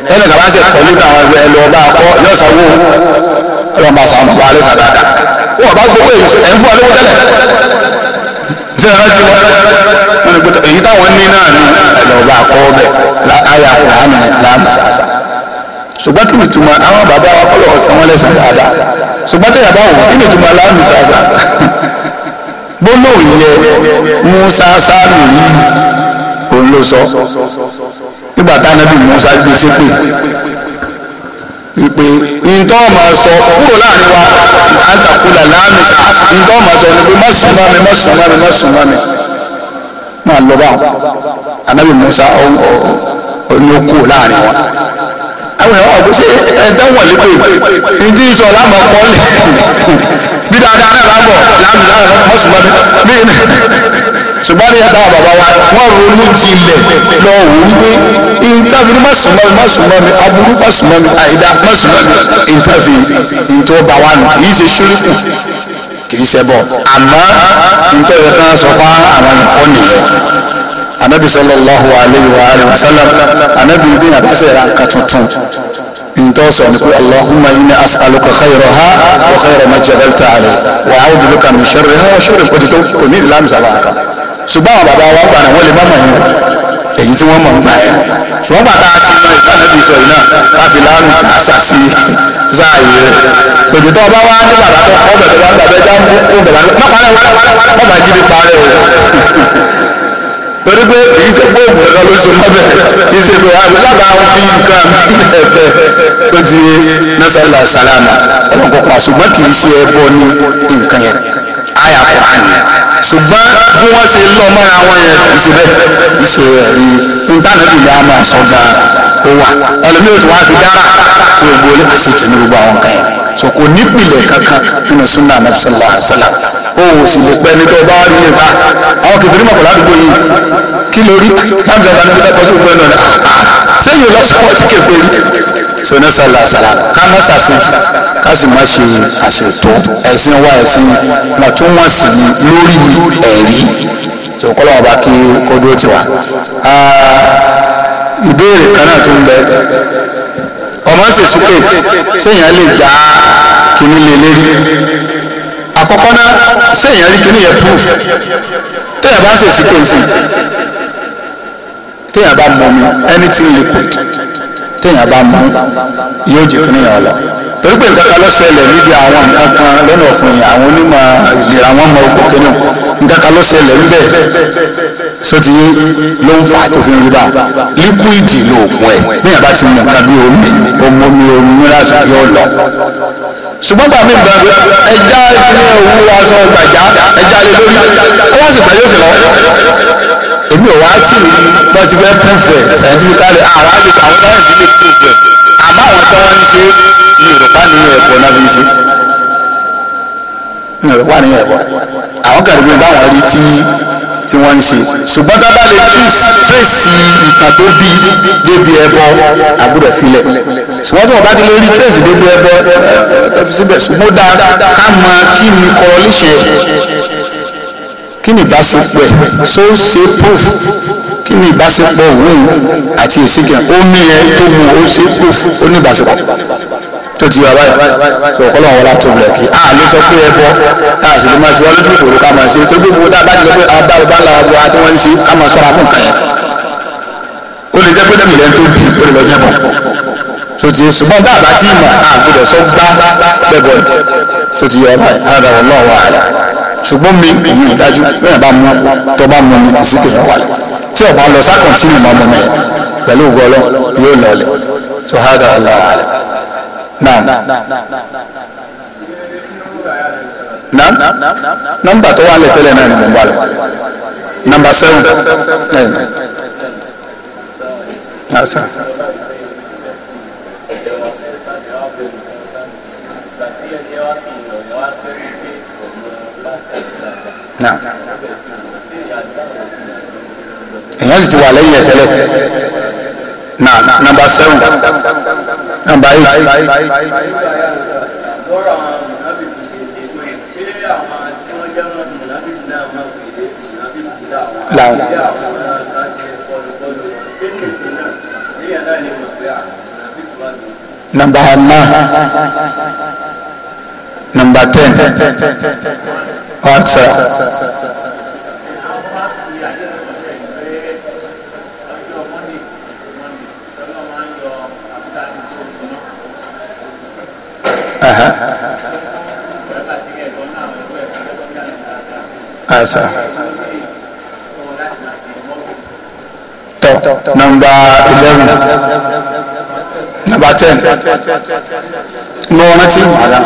lẹ́nu kaba sì kọ́ nígbà àwọn ẹ lọ bá àkọ́ yọ̀sánwó ọlọ́mọ àsàwọn bàbá alẹ́ sàdáadà wọn bá gbogbo èyí ẹ̀ ń fún alẹ́ wọ́n tẹ́lẹ̀ ṣé ẹ ṣùgbọ́n kí ni tuma àwọn bàbá wa kọ́ lọ́wọ́ sanwó lẹ́sàn dáadáa ṣùgbọ́n tẹ̀yà bá wò kí ni tuma láàmì sàṣà gbólóhùn yẹ musa sáàlù yìí òun ló sọ nígbà tánábì musa gbé ṣépè e wípé ntọ́ máa sọ kúrò láàrin wa àǹtakùlà láàmì sàṣà ntọ́ máa sọ ni pé má sùn bá mi má sùn bá mi má sùn bá mi máa lọ bá wọn ànábì musa ọ̀hún ọ̀hún ọ̀hún ni ó láàrin wa àwọn èèyàn ọ̀gbọ́n ṣe ẹ̀ẹ́dẹ́wọ̀n lépè ìdí ìṣọ̀ lámọ̀ kọ́ lẹ̀ bí dáadáa náà lábọ̀ láàmì láàmì mọ́sùmọ́mí ṣùgbọ́n ní ẹ̀dá bàbá wa wọ́n ronú jinlẹ̀ lọ wò wípé ìntàfi ní mọ́sùmọ́mí mọ́sùmọ́mí aburú mọ́sùmọ́mí àìdá mọ́sùmọ́mí ìntàfi ìntọ́ba wa nù kì í ṣe ṣíríkù kì í ṣe bọ̀ àmọ́ ìntọ́ yẹ ká sọ fún àwọn ẹ̀kọ́ nìyẹn anabi sallallahu alayhi wa alayhi wa sallam anabi ní a bá fẹ́ ra nǹkan tuntun ntọ́ sọ ni pé allahumma inni as'aluka khayraha wa khayra ma jabalta alayhi wa a'udhu bika min sharriha wa sharri kò tó kò ní ìlànà sábà kan ṣùgbọ́n àwọn bàbá wa gbà náà wọ́n lè má mọ̀ yín èyí tí wọ́n mọ̀ ń gbà yẹn ṣùgbọ́n bàtà àti ìmọ̀ ìbánabi sọ yìí náà káfí láàrùn tí a ṣàṣì záàyè rẹ̀ tòjú tó ọba wa ní bàbá tó kọ́ bẹ̀rẹ̀ wá gbàgbẹ́ já ń kó bàbá má parẹ́ wọ́n má jí mi parẹ́ o torí pé kì í ṣe pé oògùn ẹ̀ka ló so lábẹ́ kì í ṣe pé àbí lábàá fi nǹkan ẹ̀bẹ̀ tó ti nasala salama ọlọ́nkọ́ pa ṣùgbọ́n kì í ṣe ẹbọ ní nǹkan yẹn àyà Kùránì ṣùgbọ́n bí wọ́n ṣe lọ mọ́ra wọn yẹn kì í ṣe bẹ́ẹ̀ kì í ṣe ẹ̀rí intanẹ́ẹ̀tì ni a máa sọ gan-an ó wà ẹlòmíràn tí wọ́n á fi dára tí gbogbo olè àṣetì ní gbogbo àwọn kan yẹn so kò nípìnlẹ̀ kankan nínú sunna anabi sallallahu alayhi wa sallam o ò sì lè pẹ́ ní tó bá rí lè bá àwọn kẹfẹ́ nímọ̀ pẹ̀lú àdúgbò yìí kí ló rí láti ọ̀sán níbi tẹ́kọ̀ọ́ sí gbogbo ẹ̀ lọ́nà sẹ́yìn lọ́sọ̀ọ́ ti kẹfẹ́ rí sọ̀nà sàlà sàlà ká má ṣàṣejù ká sì má ṣe àṣetò ẹ̀sìn wa ẹ̀sìn mọ̀túnwọ̀nsì ni lórí ẹ̀rí tó kọ́ lọ́wọ́ bá kí kó dúró tiwa. Ah, ìbéèrè kan náà tún bẹ máa ń ṣe sùkè séèyàn gbaa dá kíní lé lérí àkọ́kọ́ náà séèyàn rí kíní yẹn proof téèyàn bá ń ṣe sùkè bá anything liquid téèyàn bá mọ yóò jẹ kíní yẹn lọ torí pé nǹkan kan ló ṣẹlẹ̀ níbi àwọn nǹkan kan lọ́nà ọ̀fun yẹn àwọn nkaka ìlera wọn mọ ogbó nǹkan kan sọtí ló ń fa tó fi ń rí bá líkúìdì lóògùn ẹ ní yàrá ti mú nǹkan bí omi omi omi omi mìíràn yóò lọ. ṣùgbọ́n bàmí ń bẹ̀rẹ̀ ẹja ìpínlẹ̀ òwú aṣọ gbàjá ẹja lé lórí ọwọ́ sì gbàyè sí lọ. èmi ò wá tí ì bá ti fẹ́ púfù ẹ̀ scientifically àwọn àlejò àwọn sáyẹ̀nsì lè púfù ẹ̀ àmọ́ àwọn tó wá ń ṣe ní Yorùbá ní ẹ̀kọ́ náà fi ń ṣe ní Yorùbá ní ẹ̀kọ́ àwọn kàrí bí báwọn rí tí tí wọ́n ń ṣe ṣùgbọ́n tá a bá lè tírèsì ìtàn tó bí débi ẹbọ àgbọ̀dọ̀ filẹ̀ ṣùgbọ́n tí wọ́n bá ti lè rí tírèsì débi ẹbọ tọ́fi síbẹ̀ ṣùgbọ́n dáa ká mọ kí ni correlation ẹ̀ kí ni ìbáṣepọ̀ ẹ̀ so ṣe proof kí ni ìbáṣepọ̀ òun àti èsì kẹ̀ omi ẹ̀ tó mu ó ṣe proof ó ní ìbáṣepọ̀ ó ti yọ abáyọ sọ ọkọlọ wọn láti ọbẹ kí a lè sọ pé ẹbọ a sì lè máa ṣe wọn lójú ìkòrò ká máa ṣe tó gbogbo tá a bá ti lọ pé àwọn báwo bá ń la abo àti wọn ń ṣe ká máa ṣọ́ra fún nǹkan yẹn ó lè jẹ pé lẹ́mìí lẹ́nu tó bí ó lè lọ jẹ bọ̀ sotí ṣùgbọ́n tá a bá ti mọ̀ a gbọdọ̀ sọ gbá bẹ́bọ̀ sotí yọ abáyọ ara wọn náà wà á ṣùgbọ́n mi ìyún ìdájú bẹ́ẹ̀ bá mú tó bá mú mi ìsìnkìsà wà lẹ̀ tí ọba lọ sákòtì ìmọ̀ ọmọ mi pẹ̀lú ògbọ́lọ́ yóò lọ lẹ̀ sọ hádà ọ̀la àlẹ́ náà náà nọ́mbà tó wà lẹ tẹ́lẹ̀ náà ni mo bá lọ nọ́mbà seven asa. èèyàn sì ti wà lẹ́yìn ẹ̀ tẹ́lẹ̀ na number seven number eight. láwọn number nine number ten ọ̀sẹ̀. àṣà. tọ́ nọ́mbà eleven nọ́mbà ten mo rántí màdá.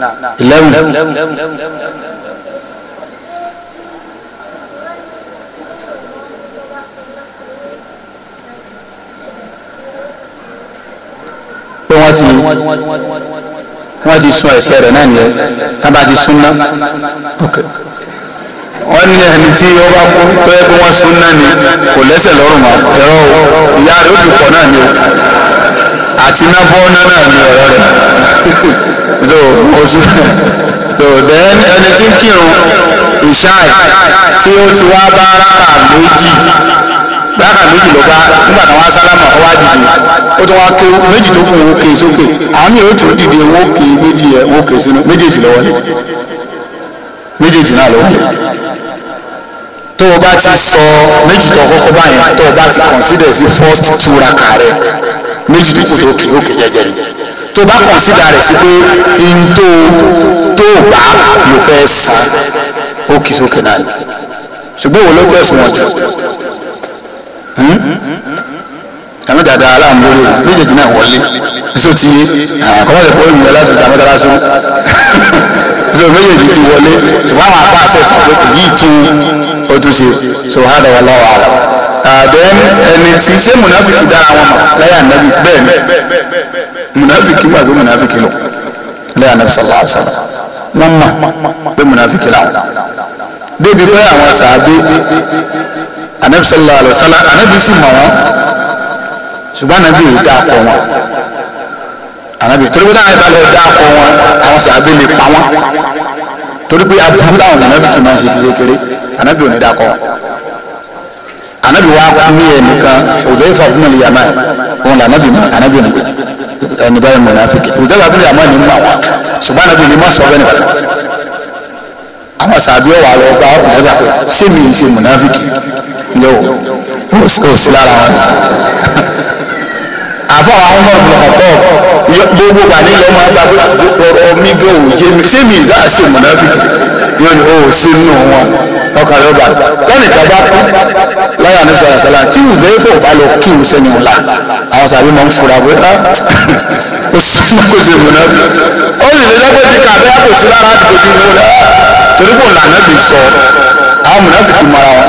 na eleven. pé wọ́n ti wọ́n ti sun ẹ̀ṣẹ̀ rẹ̀ náà nìyẹn tá a bá ti sun ná wọ́n ní ẹni tí ó bá kú tó yẹ kó wọ́n sun náà ni kò lẹ́sẹ̀ lọ́rùn mọ́ ẹ̀rọ o ìyá rẹ̀ ó ti pọ̀ náà ni o àti iná bọ́ náà náà ni ọ̀rọ̀ rẹ̀ so oṣù so then ẹni tí ń kírun ìṣáì tí ó ti wá bá rákà méjì rákà méjì lọ bá nígbà tí wọ́n sálámà ọwọ́ àdìdì ó tún wá ké méjì tó kù wọ́n ké sókè àwọn míì ó tún dìde wọ́n ké méjì yẹ wọ́n ké sínú méjèèjì lọ́wọ́ lé méjèèjì náà lọ́wọ́ lé tó o bá ti sọ méjì tó kọ́kọ́ báyẹn tó o bá ti consider sí first two rákà rẹ méjì tó kù tó ké ó ké jẹjẹ tó o bá consider rẹ sí pé n tó tó o bá lò fẹ́ sọ ó sókè náà ni ṣùgbọ́n wo ló tẹ̀sùn wọn jù. Hmm? tàmí dada aláàmúlò méjèèjì náà wọlé so ti àkọ́mọ́tẹ̀ pọ̀ ìwé láti ọ̀dà mọ́tàlásó so méjèèjì ti wọlé ṣùgbọ́n àwọn apá àṣẹ sọ pé èyí tún ó tún ṣe so hádà wà láwà á àdéhùn ẹni tí ṣé mùnàfíkì dára wọn mọ̀ láyà nàbì bẹ́ẹ̀ ni mùnàfíkì wà pé mùnàfíkì lọ láyà nàbì sọlá ọ̀sán wọn mọ̀ pé mùnàfíkì làwọn débi pé àwọn sàábé anabi sallallahu alayhi wa sallam anabi sì mọ̀ wọ́n ṣùgbọ́n anabi yìí dáa kọ wọn anabi torí pé táwọn ìbá lọ dáa kọ wọn àwọn sì abẹ́ lè pa wọn torí pé aburú táwọn anabi kì í máa ṣe kí kékeré anabi ò ní dáa kọ wọn anabi wa ní ẹnìkan Hudhayfa ibn al-Yaman òun là anabi mọ anabi ònìgbè ẹnìbá yẹn mọ náà fi kí Hudhayfa ibn al-Yaman ní mọ àwọn ṣùgbọ́n anabi ní mọ sọ bẹ́ẹ̀ nìkan àwọn sàbí ọ̀wà lọ bá ọ̀nà ẹ̀bà ṣé mi ń ṣe mùnáfíkì lọ ò sí lára wọn. àbọ̀ àwọn ọmọ ọ̀pọ̀ gbogbo gbà nílẹ̀ ọmọ ẹgbàá ọ̀rọ̀ mi gan òye mi ṣé mi ìzá ṣe mùnáfíkì yóò ní o oh, sí nù wọn ọkàn rẹ bá lọ́nà ìka bá kú láyà ní sọ̀rọ̀ sọ̀rọ̀ tí ìgbẹ́ kò bá lọ kí n sẹ́ni wọn la àwọn sàbí máa ń fura pé á ah, kò sí kò sí ìmúná ó sì lè lọ́gbọ́n ti kà bẹ́ẹ̀ kò sí lára àti kò sí ìmúná torí kò lànà bì sọ àwọn mùnàfíkì mara wọn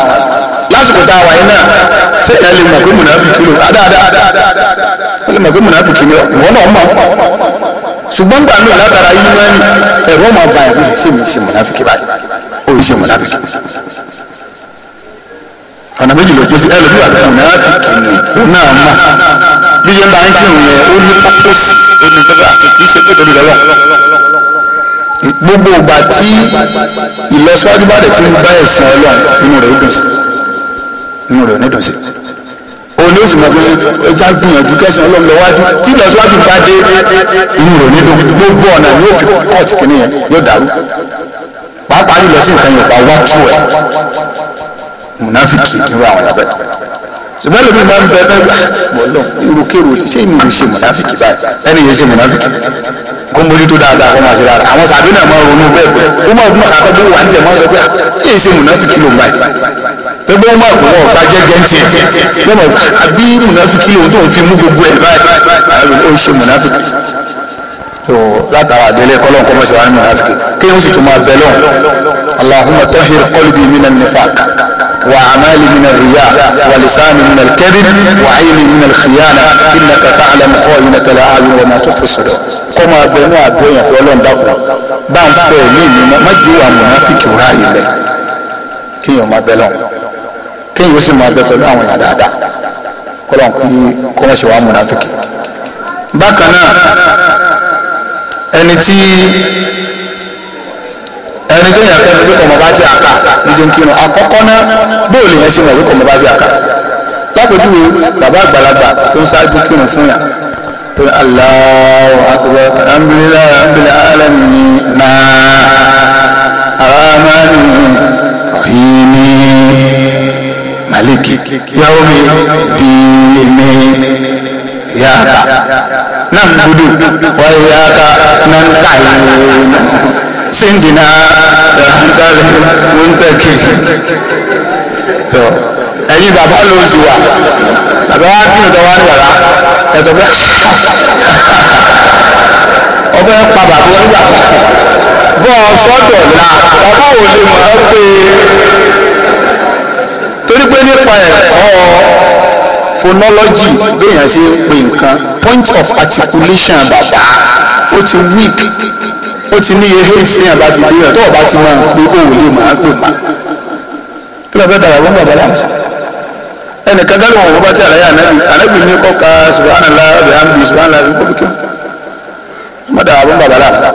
lásìkò tá a wáyé náà ṣé ẹ lè mọ̀ pé mùnàfíkì lò ah, dáadáa ẹ lè mọ̀ pé mùnàfíkì lò ìwọ ṣùgbọ́n gbà mí látara ìmánì ẹ̀rọ ọmọ ọba ẹ̀mí ṣé mi ṣe mọ̀nàfíkì báyìí ó ṣe mọ̀nàfíkì ọ̀nà méjì ló pèsè ẹlòmíì àti mọ̀nàfíkì ni òun náà mà bí ṣe ń bá ń kírun yẹn ó ní pápósì ó ní bàbá àti kì í ṣe pé tóbi lọ́wọ́ gbogbo ìgbà tí ìlọsíwájú bá dẹ̀ ti ń bá ẹ̀sìn ọlọ́run inú rẹ̀ ó dùn sí inú rẹ̀ ó ní dùn sí òun ló sì mọ̀ pé ẹja gbìyànjú kẹsàn án lọ́mọ wájú tí ìlọsíwájú bá dé inú rẹ̀ nínú gbogbo ọ̀nà ni ó fi kọ́ọ̀tù kìíní yẹn yóò dàrú pàápàá jùlọ tí nǹkan yẹn bá wá tú ẹ̀ mùnáfíkì irú àwọn yàgbẹ́ ṣùgbọ́n lómi máa ń bẹ bẹ́ẹ̀ bọ́lọ̀ irúkèrò ti ṣé ìmúlò ṣe mùnáfíkì báyìí ẹni yẹn ṣe mùnáfíkì kó mójútó dáadáa kó máa ṣe dáadáa àwọn sàbí náà máa ronú bẹ́ẹ̀ pé ó máa gbọ́n àkọ́bí wà ní tẹ̀mọ́ sọ pé èyí ah, ṣe mùnáfíkì ló ń báyìí tẹ́gbọ́n máa gbọ́ ọ̀gá jẹ́gẹ́ ń tiẹ̀ lọ́mọ àbí mùnàfíkì lòun tó ń fi mú gbogbo ẹ̀ báyìí ó ṣe mùnàfíkì tó látara àdélé kọ́lọ́n kọ́ mọ́sẹ̀ wà ní mùnàfíkì kí ó sì tún máa bẹ lọ́n Allahumma tahhir qalbi minan nifaq wa amali minal riya wa lisani minal kadhib wa ayni minal khiyana innaka ta'lamu kha'inatal a'yun wa ma tukhfi sudur kọ́ kéèyàn ó sì máa bẹ pẹ̀lú àwọn èèyàn dáadáa kọ́lọ́n kí kọ́mọ̀ṣe wa múnafíkì. bákan náà ẹni tí ẹni tó yàn kẹ́mi pípọ̀ mọ́ bá jẹ́ àká níjẹ́ ń kírun àkọ́kọ́ náà bóòlù yẹn sì mọ̀ pípọ̀ mọ́ bá jẹ́ àká lápèjúwe bàbá àgbàlagbà tó ń ṣáájú kírun fún yàn tó ní Allahu akbar alhamdulilayi alhamdulilayi alamin naa aramani rahimi maliki yaumi diini yaaka nan gudu wa yaaka nan tayin sindina rahmatal muntaki so ẹyin baba ló zu wa baba wa kí ọ̀dọ̀ wa ni baba ẹ sọ pé ah, ọbẹ pa baba wọn gbà bọ sọdọ la baba ò lè mọ pé wípé nípa ẹ̀kọ́ phonology béèyàn ṣe ń pè nǹkan point of articulation bàbá ó ti weak ó ti ní ehe ìṣẹ́yàn bá ti dé rẹ̀ tó o bá ti máa ń pe òun lè máa pè má. kí ló fẹ́ dara wọ́n bàbá làmùsà ẹnìkan gẹ́gẹ́ wọn bá ti àlàyé ànábì ànábì ní kọ́ka subhanallah rabi hamdi subhanallah rabi kọ́bíkẹ́ wọ́n dara wọ́n bàbá làmùsà.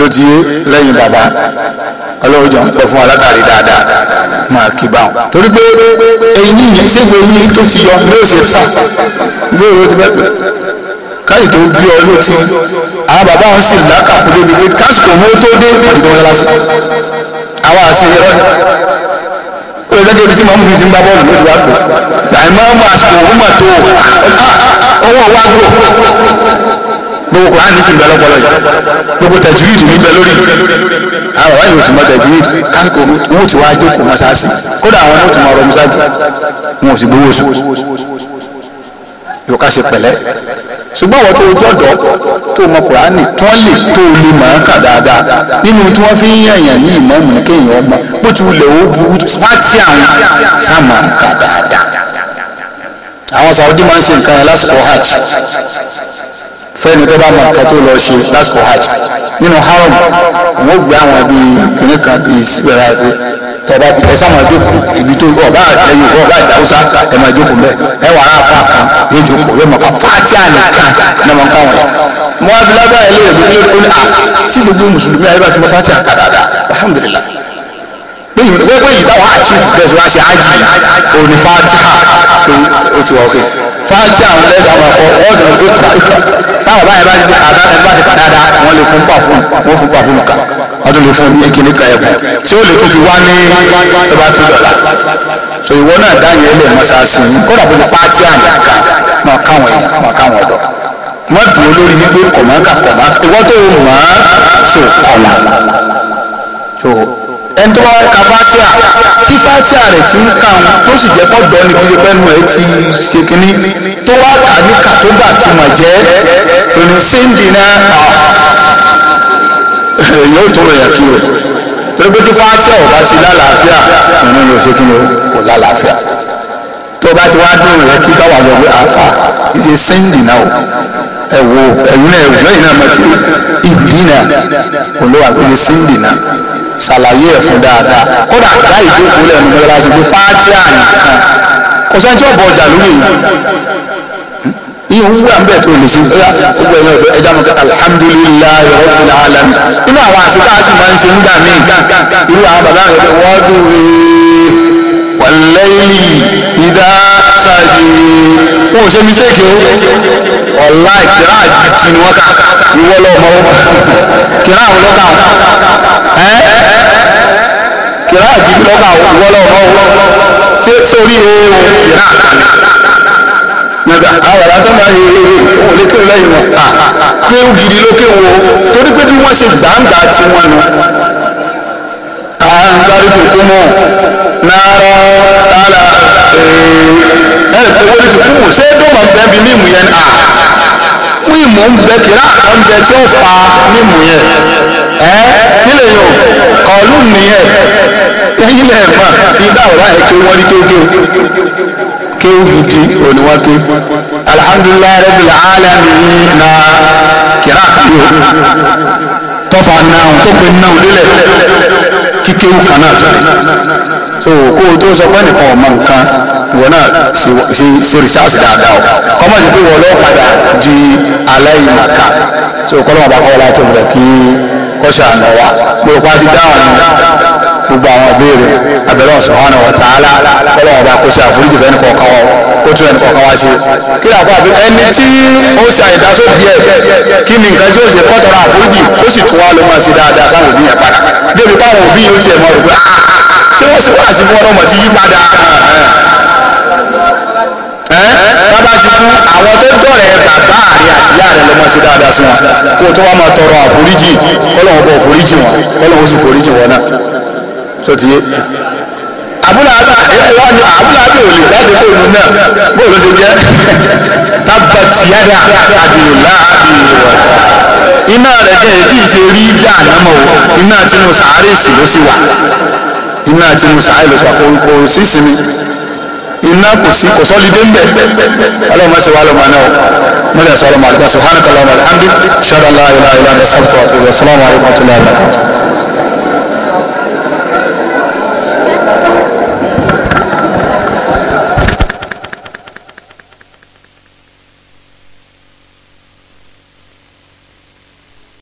ló ti yé lẹ́yìn bàbá ọlọ́run jọ ń pẹ́ fún alátàrí dáadáa máa kí torí pé eyín yẹn ṣégbè eyín tó ti yọ fà ti bẹ́ẹ̀ káyì tó ọ ló ti àwọn bàbá wọn sì lákàtúndé mú tó dé wọn lásìkò àwọn tí màmú mi ti ń gbá bọ́ọ̀lù gbogbo Kùránì ní sì bẹ lọ́pọlọ yìí gbogbo tajwid ní bẹ lórí àwọn ọ̀rẹ́ yóò sì mọ tajwid káàkó wọn ò ti wá jókòó mọ́sáàsì kódà àwọn ọmọ tó mọ ọ̀rọ̀ mọ́sáàjì wọn ò sì gbowó sùn yóò ká ṣe pẹ̀lẹ́ ṣùgbọ́n àwọn tó o jọ̀dọ̀ tó mọ kùránì tó lè tó o lè máa kà dáadáa nínú tí wọ́n fi ń yànyàn ní ìmọ̀ọ́mù ní kéèyàn ọmọ bó ti wulẹ̀ ó burú pàtì àwọn sáàmà kà dáadáa àwọn Saudi máa ń ṣe nǹkan yẹn lásìkò hajj fẹ́ni tó bá mọ nǹkan tó lọ ṣe lásìkò hajj nínú haram wọn ò gbé àwọn bíi kìnnì kan bíi síbẹ̀rẹ̀ àti tọba ti ẹ sáwọn ìjókòó ibi tó ọba àtẹyìn ọba àtàwùsá ẹ máa jókòó mbẹ ẹ wà á fa kan yóò jókòó yóò máa kọ fáàtì àná kan náà máa ń káwọn yẹn. mo wá bilá báyìí lè rí lórí ọ̀nà ah, tí gbogbo mùsùlùmí ayé bá ti mọ fáàtì àkàdàdà alhamdulillah lẹ́yìn ìgbẹ́gbẹ́ yìí táwọn àti bẹ́ẹ̀ sọ wá ṣe ájì òní fáàtì ha ó ti wà ókè fáàtì àwọn ẹlẹ́sìn àwọn ọkọ ọ̀dọ̀ ìtura ìfà táwọn báyìí bá ti di àdá ẹ bá ti kà dáadáa wọ́n lè fún pàfún wọ́n fún pàfún nìkan wọ́n lè fún ní kíní kan ẹ̀kọ́ tí ó lè tún fi wá ní tó bá tún dọ̀la so ìwọ náà dá yẹn lè mọ́ṣáláṣí yìí kódà bó ti fáàtì àmì kan máa káwọn èèyàn máa káwọn ọ̀dọ́ wọ́n dùn ó lórí wípé kọ̀mọ́kà kọ̀mọ́kà kọ̀mọ́ ẹni tó wá ka fatia tí fatia rẹ̀ ti ń kà ń tó sì jẹ́ pọ̀ dán ni kí pẹ́nu ẹ̀ ti ṣe kínní tó wá kà ní kàtóbà tó mà jẹ́ tó ní síndì náà yóò tó rẹ̀ yàtú o torí pé tí fatia ò bá ti lálàáfíà nínú yóò ṣe kínní o kò lálàáfíà tó bá ti wá dùn rẹ̀ kí káwá lọ pé àáfà kì í ṣe síndì náà o ẹ wo ẹ̀yin náà ẹ̀yin náà máa kí ìdínà olówó àgbẹ̀yẹ síndì náà ṣàlàyé ẹ̀ fún dáadáa kódà dá ìjókòó lẹ́nu mọ́ṣáláṣí pé fátíà nìkan kò sẹ́ni tí ọ̀bọ̀ ọjà lórí yìí iye ń wá bẹ́ẹ̀ tó lè ṣe ó yà gbogbo ẹ̀yọ́ ẹ̀dọ́ ẹja mọ̀ kẹta alhamdulillahi rabbil alamin nínú àwọn àṣetá sì máa ń ṣe nígbà míì irú àwọn bàbá rẹ̀ bẹ́ẹ̀ wọ́n dùn wẹ́ẹ́ wal layli idha ṣáájú wọn ò ṣe mistake o ọ̀la ìkìlá àjìjì ni wọ́n kà ìwọ lọ́mọ kìlá àwọn lọ́kà ọ́ kìlá àjìjì lọ́kà ìwọ lọ́mọ ṣé sórí ewu kìlá àkànní nígbà àwọn àtọ́ máa yẹ ewu òun lè kéwù lẹ́yìn wọn kéwù gidi ló kéwù o torí pé bí wọ́n ṣe gbàǹgbà tí wọ́n nu àǹtarí tó kú mọ́ náírà tálà ẹ ẹ wọlé ti kú ṣé dọ́mọ̀ ń bẹ́ bí mímu yẹn à mímu ń bẹ kìlá àkàn bẹ tí ó fa mímu yẹn ẹ nílẹ̀ yìí o kọ̀ọ̀lù nìyẹn ẹ̀yin lẹ̀ mọ̀ ìdá ọ̀rá ẹ̀ kí wọ́n rí kéwkéw kéwù gidi òní wá ké alhamdulilayi rabil alamin na kira kiri o tọfa náà tó pe náà délẹ̀ kíkéwù kan náà tó lè so kó o tó sọ pé nìkan ọmọ nǹkan ìwọ náà ṣe ṣe rìsáàsì dáadáa o kọ́mọ̀ sí pé wọ́n lọ́ padà di aláìmọ̀ká so kọ́lọ́mọ̀ bá kọ́ láti rẹ̀ kí kọ́ṣà nà wá mo o pé a ti dáhùn gbogbo àwọn ìbéèrè abẹ́rẹ́ ọ̀sán wa ta'ala kọ́lọ́mọ̀ bá kó ṣe àforíjì fẹ́ nìkan kan wọ́n kó tún ẹnìkan kan wá ṣe kí làkọ́ àbí ẹni tí ó ṣe àìdásó díẹ̀ kí ni nǹkan tí ó ṣe kọ́tọ̀rọ̀ àforíjì ó sì tún wá ló máa ṣe dáadáa sáwọn òbí yẹn padà débi pé àwọn òbí yóò tiẹ̀ mọ̀ rò pé ah, ah, ah, tí wọ́n sì wá sí fún ọlọ́mọ ti yí padà bàbá ti kú àwọn tó dọ̀rẹ́ bàbá rẹ̀ àtìyá rẹ̀ lọ́mọ sí dáadáa sí wọn kó tó wá máa tọrọ àforíjì kọ́lọ́wọ́ bọ̀ foríjì wọn kọ́lọ́wọ́ sì foríjì wọn náà tó ti yé abúlàbà ẹ̀rọ ni abúlàbà ò lè jáde bóòlù náà bóòlù ṣe jẹ́ tábàtì yára àbìlà àbìwọ̀tà iná rẹ̀ jẹ́ èyí tí rí dáa náà mọ̀ iná tinú sàárè sì ló sì wà iná àti musa àìlò sàkó kò sí sinmi iná kò sí kò sọ́ọ́lì dé ń bẹ̀ ọlọ́run mẹ́sẹ̀ wà lọ́mọ náà mọ́lẹ̀ sọ́ọ́lọ́ màlúkà subhanaka allahumma wa bihamdik ṣẹ́dá láàyè láàyè láàyè sábà tó wà sílẹ̀ sọ́lá